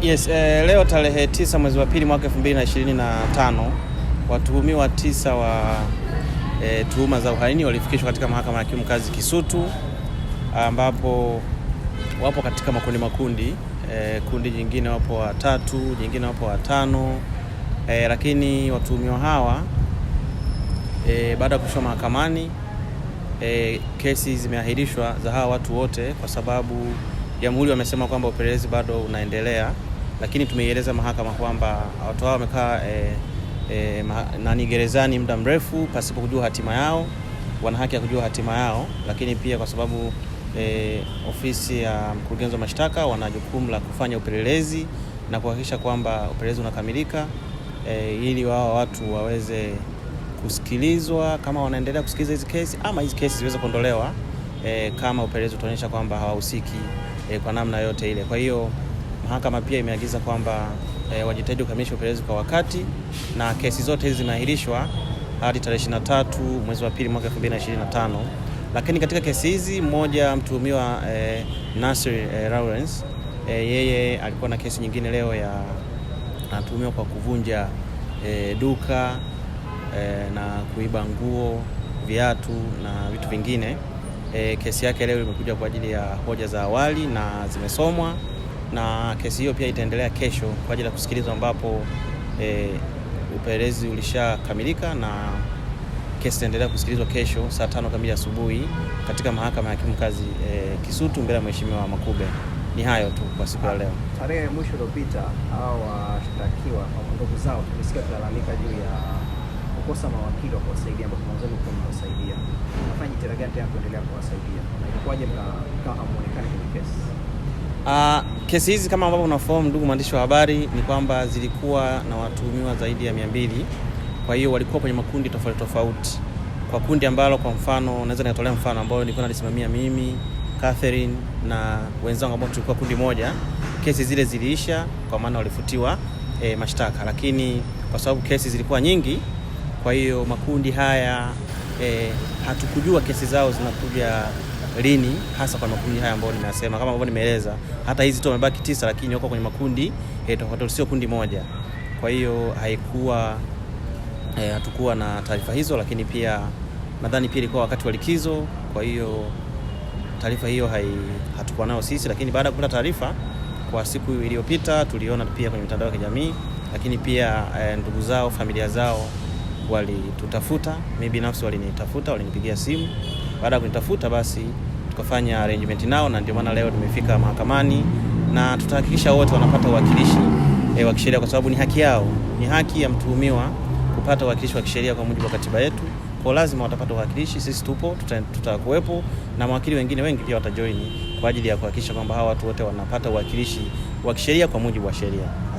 Yes, eh, leo tarehe tisa mwezi wa pili mwaka elfu mbili na ishirini na tano watuhumiwa tisa wa eh, tuhuma za uhaini walifikishwa katika mahakama ya hakimu mkazi Kisutu ambapo wapo katika makundi makundi, eh, kundi jingine wapo watatu, jingine wapo watano, eh, lakini watuhumiwa hawa eh, baada ya kufikishwa mahakamani eh, kesi zimeahirishwa za hawa watu wote kwa sababu jamhuri wamesema kwamba upelelezi bado unaendelea lakini tumeieleza mahakama kwamba watu hao wamekaa e, e, nani gerezani muda mrefu pasipo kujua hatima yao. Wana haki ya kujua hatima yao, lakini pia kwa sababu e, ofisi ya mkurugenzi wa mashtaka wana jukumu la kufanya upelelezi na kuhakikisha kwamba upelelezi unakamilika e, ili wao watu waweze kusikilizwa kama wanaendelea kusikiliza hizi kesi ama hizi kesi ziweze kuondolewa e, kama upelelezi utaonyesha kwamba hawahusiki e, kwa namna yote ile. Kwa hiyo Mahakama pia imeagiza kwamba e, wajitahidi kukamilisha upelelezi kwa wakati na kesi zote hizi zimeahirishwa hadi tarehe 23 mwezi wa pili mwaka 2025. Lakini katika kesi hizi mmoja mtuhumiwa e, Nasir e, Lawrence e, yeye alikuwa na kesi nyingine leo ya anatuhumiwa kwa kuvunja e, duka e, na kuiba nguo, viatu na vitu vingine. E, kesi yake leo imekuja kwa ajili ya hoja za awali na zimesomwa na kesi hiyo pia itaendelea kesho kwa ajili ya kusikilizwa, ambapo e, upelelezi ulishakamilika na kesi itaendelea kusikilizwa kesho saa tano kamili asubuhi katika mahakama ya hakimu mkazi e, eh, Kisutu mbele ya Mheshimiwa Makube. Ni hayo tu kwa siku ya leo. Tarehe ya mwisho iliyopita hao washtakiwa kwa ndugu zao tulisikia kulalamika juu ya kukosa mawakili wa kuwasaidia ambao mwanzo mlikuwa mnawasaidia. nafanya jitihada gani kuendelea kuwasaidia? Na ilikuwaje mkakaa Uh, kesi hizi kama ambavyo unafahamu ndugu mwandishi wa habari ni kwamba zilikuwa na watuhumiwa zaidi ya 200 Kwa hiyo walikuwa kwenye makundi tofauti tofauti. Kwa kundi ambalo kwa mfano naweza nikatolea mfano ambao nilikuwa nalisimamia mimi, Catherine na wenzangu ambao tulikuwa kundi moja, kesi zile ziliisha kwa maana walifutiwa e, mashtaka, lakini kwa sababu kesi zilikuwa nyingi, kwa hiyo makundi haya e, hatukujua kesi zao zinakuja lini hasa kwa makundi haya ambayo nimesema kama ambavyo nimeeleza. Hata hizi tu wamebaki tisa, lakini wako kwenye makundi e, tofauti, sio kundi moja. Kwa hiyo haikuwa e, hatukuwa na taarifa hizo, lakini pia nadhani pia ilikuwa wakati wa likizo, kwa hiyo taarifa hiyo hai, hatukuwa nayo sisi, lakini baada ya kupata taarifa kwa siku iliyopita tuliona pia kwenye mitandao ya kijamii, lakini pia e, ndugu zao familia zao walitutafuta, mi binafsi walinitafuta, walinipigia simu. Baada ya kunitafuta, basi tukafanya arrangement nao, na ndio maana leo tumefika mahakamani na tutahakikisha wote wanapata uwakilishi e, wa kisheria kwa sababu ni haki yao, ni haki ya mtuhumiwa kupata uwakilishi wa kisheria kwa mujibu wa katiba yetu. Kwa lazima watapata uwakilishi, sisi tupo, tutakuwepo, tuta na mawakili wengine wengi pia watajoini kwa ajili ya kuhakikisha kwamba hawa watu wote wanapata uwakilishi wa kisheria kwa mujibu wa sheria.